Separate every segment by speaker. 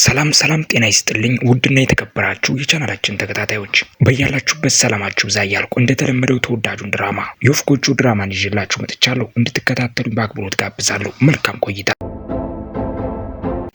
Speaker 1: ሰላም ሰላም፣ ጤና ይስጥልኝ ውድና የተከበራችሁ የቻናላችን ተከታታዮች በያላችሁበት ሰላማችሁ ብዛ እያልኩ እንደተለመደው ተወዳጁን ድራማ የወፍ ጎጆ ድራማን ይዤላችሁ መጥቻለሁ። እንድትከታተሉኝ በአክብሮት ጋብዛለሁ። መልካም ቆይታ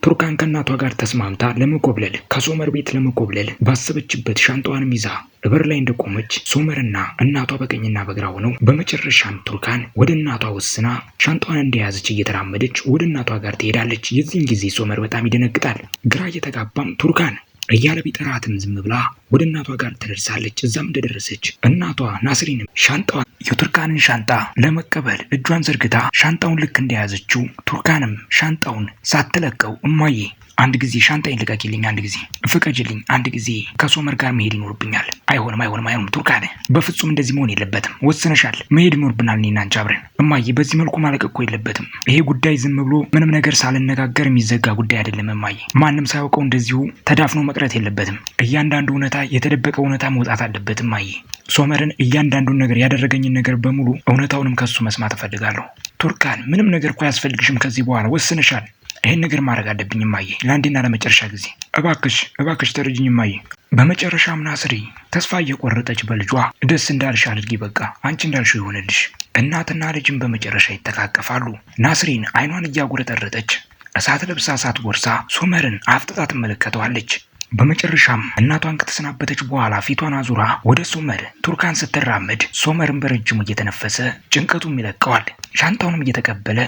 Speaker 1: ቱርካን ከእናቷ ጋር ተስማምታ ለመኮብለል ከሶመር ቤት ለመኮብለል ባሰበችበት ሻንጣዋንም ይዛ በር ላይ እንደቆመች ሶመርና እናቷ በቀኝና በግራ ሆነው በመጨረሻም ቱርካን ወደ እናቷ ወስና ሻንጣዋን እንደያዘች እየተራመደች ወደ እናቷ ጋር ትሄዳለች። የዚህን ጊዜ ሶመር በጣም ይደነግጣል። ግራ እየተጋባም ቱርካን እያለ ቢጠራትም ዝም ብላ ወደ እናቷ ጋር ትደርሳለች። እዛም እንደደረሰች እናቷ ናስሪንም ሻንጣዋን የቱርካንን ሻንጣ ለመቀበል እጇን ዘርግታ ሻንጣውን ልክ እንደያዘችው ቱርካንም ሻንጣውን ሳትለቀው እማዬ አንድ ጊዜ ሻንጣይን ልቀቂልኝ፣ አንድ ጊዜ ፍቀጅልኝ፣ አንድ ጊዜ ከሶመር ጋር መሄድ ይኖርብኛል። አይሆንም፣ አይሆንም፣ አይሆንም ቱርካን፣ በፍጹም እንደዚህ መሆን የለበትም። ወስነሻል፣ መሄድ ይኖርብናል። እኔና አንቺ አብረን። እማዬ፣ በዚህ መልኩ ማለቅ እኮ የለበትም። ይሄ ጉዳይ ዝም ብሎ ምንም ነገር ሳልነጋገር የሚዘጋ ጉዳይ አይደለም እማዬ። ማንም ሳያውቀው እንደዚሁ ተዳፍኖ መቅረት የለበትም። እያንዳንዱ እውነታ፣ የተደበቀ እውነታ መውጣት አለበት እማዬ። ሶመርን እያንዳንዱን ነገር ያደረገኝን ነገር በሙሉ እውነታውንም ከሱ መስማት እፈልጋለሁ። ቱርካን ምንም ነገር እኮ አያስፈልግሽም ከዚህ በኋላ ወስነሻል። ይህን ነገር ማድረግ አለብኝ እማዬ፣ ለአንዴና ለመጨረሻ ጊዜ እባክሽ እባክሽ ተረጅኝ እማዬ። በመጨረሻም ናስሪ ተስፋ እየቆረጠች በልጇ ደስ እንዳልሽ አድርጊ፣ በቃ አንቺ እንዳልሽው ይሆንልሽ። እናትና ልጅም በመጨረሻ ይተቃቀፋሉ። ናስሪን አይኗን እያጉረጠረጠች እሳት ለብሳ እሳት ጎርሳ ሶመርን አፍጥጣ ትመለከተዋለች። በመጨረሻም እናቷን ከተሰናበተች በኋላ ፊቷን አዙራ ወደ ሶመር ቱርካን ስትራመድ ሶመርን በረጅሙ እየተነፈሰ ጭንቀቱም ይለቀዋል። ሻንጣውንም እየተቀበለ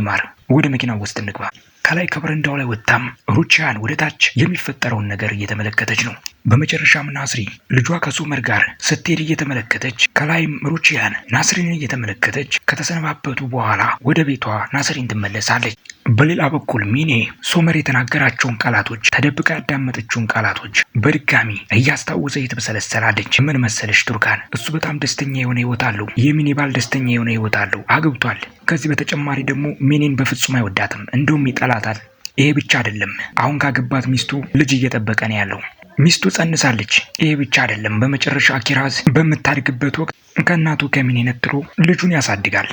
Speaker 1: ይማር ወደ መኪና ውስጥ እንግባ ከላይ ከበረንዳው ላይ ወጥታም ሩቺያን ወደ ታች የሚፈጠረውን ነገር እየተመለከተች ነው። በመጨረሻም ናስሪ ልጇ ከሱመር ጋር ስትሄድ እየተመለከተች ከላይም ሩቺያን ናስሪን እየተመለከተች ከተሰነባበቱ በኋላ ወደ ቤቷ ናስሪን ትመለሳለች። በሌላ በኩል ሚኔ ሶመር የተናገራቸውን ቃላቶች ተደብቃ ያዳመጠችውን ቃላቶች በድጋሚ እያስታወሰ የተብሰለሰላለች። ምን መሰለች ቱርካን፣ እሱ በጣም ደስተኛ የሆነ ህይወት አለው። የሚኔ ባል ደስተኛ የሆነ ህይወት አለው፣ አግብቷል። ከዚህ በተጨማሪ ደግሞ ሚኔን በፍጹም አይወዳትም፣ እንደውም ይጠላታል። ይሄ ብቻ አይደለም፣ አሁን ካገባት ሚስቱ ልጅ እየጠበቀ ነው ያለው። ሚስቱ ጸንሳለች። ይሄ ብቻ አይደለም። በመጨረሻ ኪራዝ በምታድግበት ወቅት ከእናቱ ከሚኔ ነጥሎ ልጁን ያሳድጋል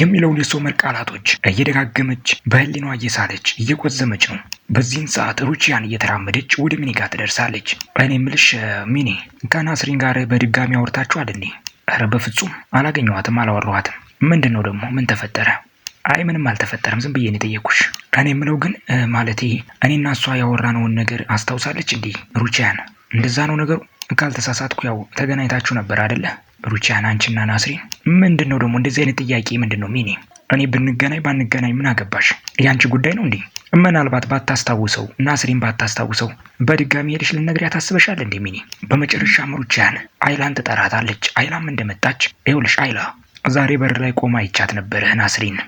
Speaker 1: የሚለውን የሶመር ቃላቶች እየደጋገመች በህሊኗ እየሳለች እየቆዘመች ነው። በዚህን ሰዓት ሩቺያን እየተራመደች ወደ ሚኒ ጋር ትደርሳለች። እኔ ምልሽ ሚኒ ከናስሪን ጋር በድጋሚ አውርታችሁ አልኔ? ኧረ በፍጹም አላገኘኋትም፣ አላወራኋትም። ምንድን ነው ደግሞ ምን ተፈጠረ? አይ ምንም አልተፈጠረም፣ ዝም ብዬ ነው የጠየኩሽ። እኔ የምለው ግን ማለቴ እኔና እሷ ያወራነውን ነገር አስታውሳለች እንዴ? ሩቺያን እንደዛ ነው ነገሩ? ካልተሳሳትኩ ያው ተገናኝታችሁ ነበር አደለ? ሩቺያን አንቺና ናስሪን። ምንድን ነው ደግሞ እንደዚህ አይነት ጥያቄ ምንድን ነው ሚኒ? እኔ ብንገናኝ ባንገናኝ ምን አገባሽ? ያንቺ ጉዳይ ነው እንዴ? ምናልባት ባታስታውሰው ናስሪን ባታስታውሰው በድጋሚ ሄደሽ ልነግሪያ ታስበሻል እንዴ ሚኒ? በመጨረሻ ሩቺያን አይላን ትጠራታለች። አይላም እንደመጣች ይኸውልሽ፣ አይላ ዛሬ በር ላይ ቆማ ይቻት ነበረ ናስሪን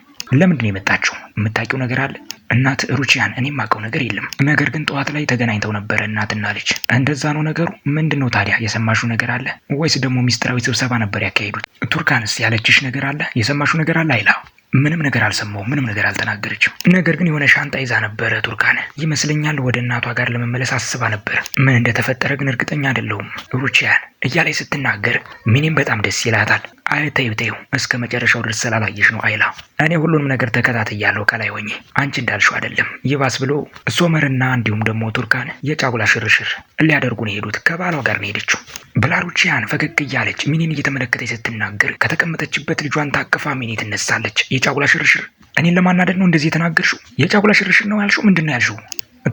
Speaker 1: ለምንድን ነው የመጣችው? የምታውቂው ነገር አለ? እናት ሩቺያን፣ እኔ የማውቀው ነገር የለም። ነገር ግን ጠዋት ላይ ተገናኝተው ነበረ እናትና ልጅ። እንደዛ ነው ነገሩ? ምንድን ነው ታዲያ የሰማሹ ነገር አለ ወይስ ደግሞ ሚስጥራዊ ስብሰባ ነበር ያካሄዱት? ቱርካንስ ያለችሽ ነገር አለ? የሰማሹ ነገር አለ አይላ ምንም ነገር አልሰማሁም። ምንም ነገር አልተናገረችም። ነገር ግን የሆነ ሻንጣ ይዛ ነበረ ቱርካን ይመስለኛል። ወደ እናቷ ጋር ለመመለስ አስባ ነበር። ምን እንደተፈጠረ ግን እርግጠኛ አይደለሁም ሩቺያን እያለች ስትናገር ሚኔም በጣም ደስ ይላታል። አይተይው ተይው እስከ መጨረሻው ድረስ ስላላየሽ ነው አይላ። እኔ ሁሉንም ነገር ተከታትያለሁ ከላይ ሆኜ፣ አንቺ እንዳልሽው አይደለም። ይባስ ብሎ ሶመርና እንዲሁም ደግሞ ቱርካን የጫጉላ ሽርሽር ሊያደርጉ ነው የሄዱት። ከባሏ ጋር ነው የሄደችው። ብላሩቺያን ፈገግ እያለች ሚኒን እየተመለከተች ስትናገር ከተቀመጠችበት ልጇን ታቅፋ ሚኒ ትነሳለች። የጫጉላ ሽርሽር እኔን ለማናደድ ነው እንደዚህ የተናገርሽው? የጫጉላ ሽርሽር ነው ያልሽው? ምንድን ነው ያልሽው?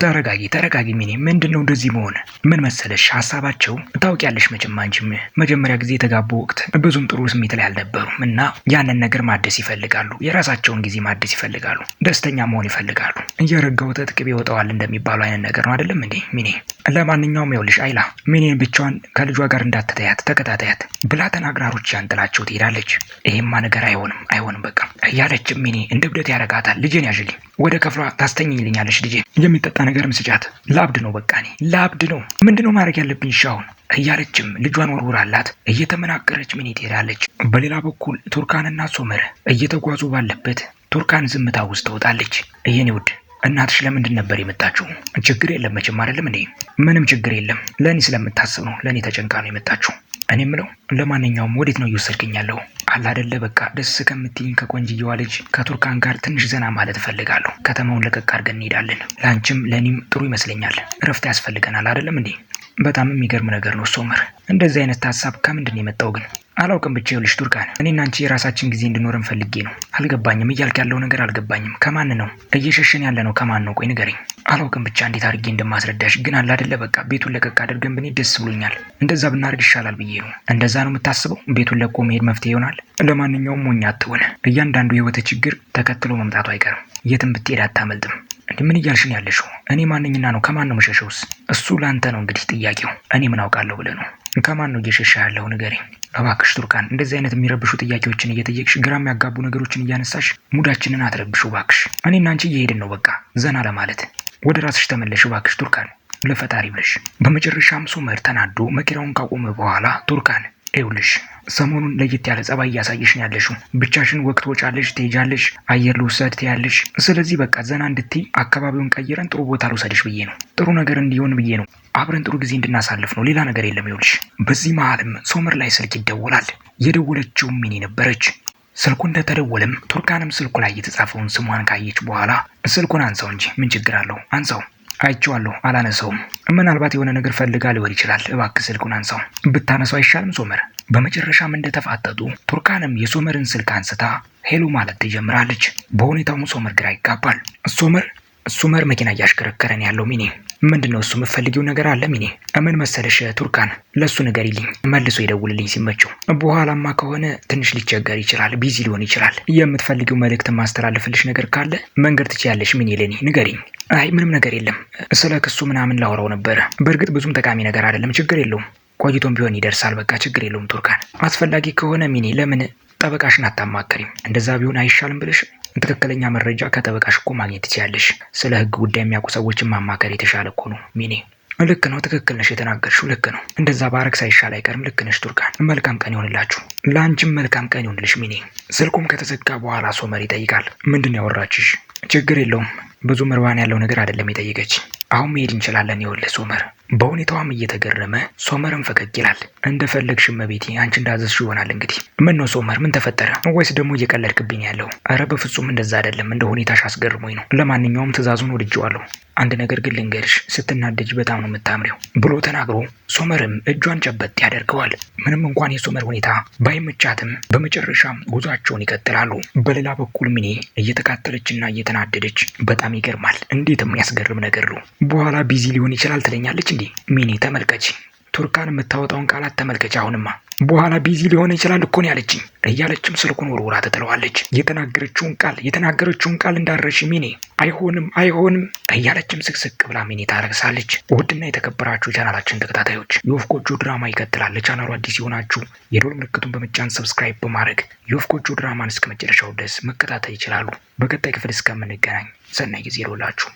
Speaker 1: ተረጋጊ ተረጋጊ። ሚኔ ምንድን ነው እንደዚህ መሆን? ምን መሰለሽ ሀሳባቸው ታውቂያለሽ፣ መቼም አንቺም መጀመሪያ ጊዜ የተጋቡ ወቅት ብዙም ጥሩ ስሜት ላይ አልነበሩም እና ያንን ነገር ማደስ ይፈልጋሉ። የራሳቸውን ጊዜ ማደስ ይፈልጋሉ። ደስተኛ መሆን ይፈልጋሉ። እየረጋው ተጥቅብ ይወጣዋል እንደሚባሉ አይነት ነገር ነው አይደለም እንዴ ሚኔ? ለማንኛውም ይኸውልሽ አይላ ሚኔን ብቻዋን ከልጇ ጋር እንዳትተያት ተከታተያት ብላ ተናግራሮች ያንጥላቸው ትሄዳለች። ይሄማ ነገር አይሆንም አይሆንም በቃ እያለችም ሚኔ እንደ እብደት ያረጋታል። ልጄን ያዥልኝ፣ ወደ ከፍሏ ታስተኝልኛለች ልጄ የሚጠጣ ነገር ምስጫት ላብድ ነው በቃ እኔ ላብድ ነው። ምንድነው ማድረግ ያለብኝ ሻሁን እያለችም ልጇን ወርውራላት እየተመናቀረች ምን ትሄዳለች። በሌላ በኩል ቱርካንና ሶመር እየተጓዙ ባለበት ቱርካን ዝምታ ውስጥ ትወጣለች። እየኔ ውድ እናትሽ ለምንድን ነበር የመጣችው? ችግር የለም መቼም አይደለም እንዴ? ምንም ችግር የለም። ለእኔ ስለምታስብ ነው። ለእኔ ተጨንቃ ነው የመጣችው። እኔ ምለው ለማንኛውም ወዴት ነው እየወሰድክኝ ያለው? አለ አደለ በቃ ደስ ከምትይኝ ከቆንጅየዋ ልጅ ከቱርካን ጋር ትንሽ ዘና ማለት እፈልጋለሁ። ከተማውን ለቀቅ አድርገን እንሄዳለን። ላንችም ለእኔም ጥሩ ይመስለኛል። እረፍት ያስፈልገናል አደለም እንዴ? በጣም የሚገርም ነገር ነው ሶመር። እንደዚህ አይነት ሀሳብ ከምንድን የመጣው ግን አላውቅም። ብቻ ይኸውልሽ ቱርካን፣ እኔና አንቺ የራሳችን ጊዜ እንድኖረን ፈልጌ ነው። አልገባኝም እያልክ ያለው ነገር አልገባኝም። ከማን ነው እየሸሸን ያለ ነው? ከማን ነው? ቆይ ንገረኝ። አላውቅም ብቻ እንዴት አድርጌ እንደማስረዳሽ ግን አለ አይደለ፣ በቃ ቤቱን ለቀቅ አድርገን ብንሄድ ደስ ብሎኛል። እንደዛ ብናደርግ ይሻላል ብዬ ነው። እንደዛ ነው የምታስበው? ቤቱን ለቆ መሄድ መፍትሄ ይሆናል? ለማንኛውም ሞኝ አትሆን። እያንዳንዱ የህይወት ችግር ተከትሎ መምጣቱ አይቀርም። የትም ብትሄድ አታመልጥም። እንዲህ ምን ያለሽው? እኔ ማንኝና ነው ከማን ነው መሸሸውስ? እሱ ላንተ ነው እንግዲህ ጥያቄው። እኔ ምን አውቃለሁ ብለህ ነው ከማን ነው እየሸሻ ያለው ንገሪ እባክሽ ቱርካን። እንደዚህ አይነት የሚረብሹ ጥያቄዎችን እየጠየቅሽ ግራ የሚያጋቡ ነገሮችን እያነሳሽ ሙዳችንን አትረብሹ እባክሽ። እኔና አንቺ እየሄድን ነው በቃ ዘና ለማለት ወደ ራስሽ ተመለሽ እባክሽ ቱርካን፣ ለፈጣሪ ብለሽ። በመጨረሻም ሶመር ተናዶ መኪናውን ካቆመ በኋላ ቱርካን ይኸውልሽ ሰሞኑን ለየት ያለ ጸባይ እያሳየሽ ነው ያለሽው። ብቻሽን ወቅት ወጫለሽ፣ ትሄጃለሽ፣ አየር ልውሰድ ትያለሽ። ስለዚህ በቃ ዘና እንድትይ አካባቢውን ቀይረን ጥሩ ቦታ ልውሰድሽ ብዬ ነው፣ ጥሩ ነገር እንዲሆን ብዬ ነው፣ አብረን ጥሩ ጊዜ እንድናሳልፍ ነው። ሌላ ነገር የለም። ይውልሽ በዚህ መሀልም ሶመር ላይ ስልክ ይደወላል። የደወለችውም ሚኒ ነበረች። ስልኩ እንደተደወለም ቱርካንም ስልኩ ላይ የተጻፈውን ስሟን ካየች በኋላ ስልኩን አንሳው እንጂ ምን ችግር አለው? አንሳው አይቼዋለሁ አላነሳውም። ምናልባት የሆነ ነገር ፈልጋ ሊሆን ይችላል። እባክህ ስልኩን አንሳው። ብታነሳው አይሻልም ሶመር? በመጨረሻም እንደተፋጠጡ ቱርካንም የሶመርን ስልክ አንስታ ሄሎ ማለት ትጀምራለች። በሁኔታውም ሶመር ግራ ይጋባል። ሶመር ሱመር መኪና እያሽከረከረን ያለው ሚኔ፣ ምንድን ነው እሱ? የምትፈልጊው ነገር አለ ሚኔ? ምን መሰለሽ ቱርካን፣ ለእሱ ንገሪልኝ፣ መልሶ ይደውልልኝ ሲመችው። በኋላማ ከሆነ ትንሽ ሊቸገር ይችላል፣ ቢዚ ሊሆን ይችላል። የምትፈልጊው መልእክት ማስተላልፍልሽ ነገር ካለ መንገድ ትችያለሽ ሚኔ፣ ለኔ ንገሪኝ። አይ ምንም ነገር የለም፣ ስለ ክሱ ምናምን ላውራው ነበረ። በእርግጥ ብዙም ጠቃሚ ነገር አይደለም፣ ችግር የለውም፣ ቆይቶም ቢሆን ይደርሳል። በቃ ችግር የለውም ቱርካን። አስፈላጊ ከሆነ ሚኔ ለምን ጠበቃሽን አታማከሪም? እንደዛ ቢሆን አይሻልም ብለሽ ትክክለኛ መረጃ ከጠበቃሽ እኮ ማግኘት ትችያለሽ። ስለ ህግ ጉዳይ የሚያውቁ ሰዎችን ማማከር የተሻለ እኮ ነው ሚኔ። ልክ ነው፣ ትክክል ነሽ። የተናገርሽው ልክ ነው። እንደዛ ባረግ ሳይሻል አይቀርም። ልክ ነሽ ቱርካን። መልካም ቀን ይሆንላችሁ። ለአንቺም መልካም ቀን ይሆንልሽ ሚኔ። ስልኩም ከተዘጋ በኋላ ሶመር ይጠይቃል። ምንድን ያወራችሽ? ችግር የለውም ብዙ ምርባን ያለው ነገር አይደለም የጠየቀች። አሁን መሄድ እንችላለን። ይኸውልህ ሶመር በሁኔታዋም እየተገረመ ሶመርም ፈገግ ይላል። እንደፈለግሽ እመቤቴ፣ አንቺ እንዳዘዝሽ ይሆናል። እንግዲህ ምን ነው ሶመር፣ ምን ተፈጠረ? ወይስ ደግሞ እየቀለድክብኝ ያለው? ኧረ በፍጹም እንደዛ አይደለም፣ እንደ ሁኔታሽ አስገርሞኝ ነው። ለማንኛውም ትእዛዙን ወድጄዋለሁ። አንድ ነገር ግን ልንገርሽ፣ ስትናደጅ በጣም ነው የምታምሪው ብሎ ተናግሮ ሶመርም እጇን ጨበጥ ያደርገዋል። ምንም እንኳን የሶመር ሁኔታ ባይመቻትም በመጨረሻም ጉዟቸውን ይቀጥላሉ። በሌላ በኩል ሚኔ እየተቃጠለችና እየተናደደች በጣም ይገርማል። እንዴትም ያስገርም ነገር ነው። በኋላ ቢዚ ሊሆን ይችላል ትለኛለች እንግዲህ ሚኒ ተመልከች፣ ቱርካን የምታወጣውን ቃላት ተመልከች። አሁንማ በኋላ ቢዚ ሊሆን ይችላል እኮ ነው ያለችኝ እያለችም ስልኩን ወርውራ ትጥለዋለች። የተናገረችውን ቃል የተናገረችውን ቃል እንዳረሽ ሚኒ አይሆንም አይሆንም እያለችም ስቅስቅ ብላ ሚኒ ታረግሳለች። ውድና የተከበራችሁ ቻናላችን ተከታታዮች የወፍ ጎጆ ድራማ ይቀጥላል። ለቻናሉ አዲስ የሆናችሁ የዶል ምልክቱን በመጫን ሰብስክራይብ በማድረግ የወፍ ጎጆ ድራማን እስከ መጨረሻው ድረስ መከታተል ይችላሉ። በቀጣይ ክፍል እስከምንገናኝ ሰናይ ጊዜ ይሁንላችሁ።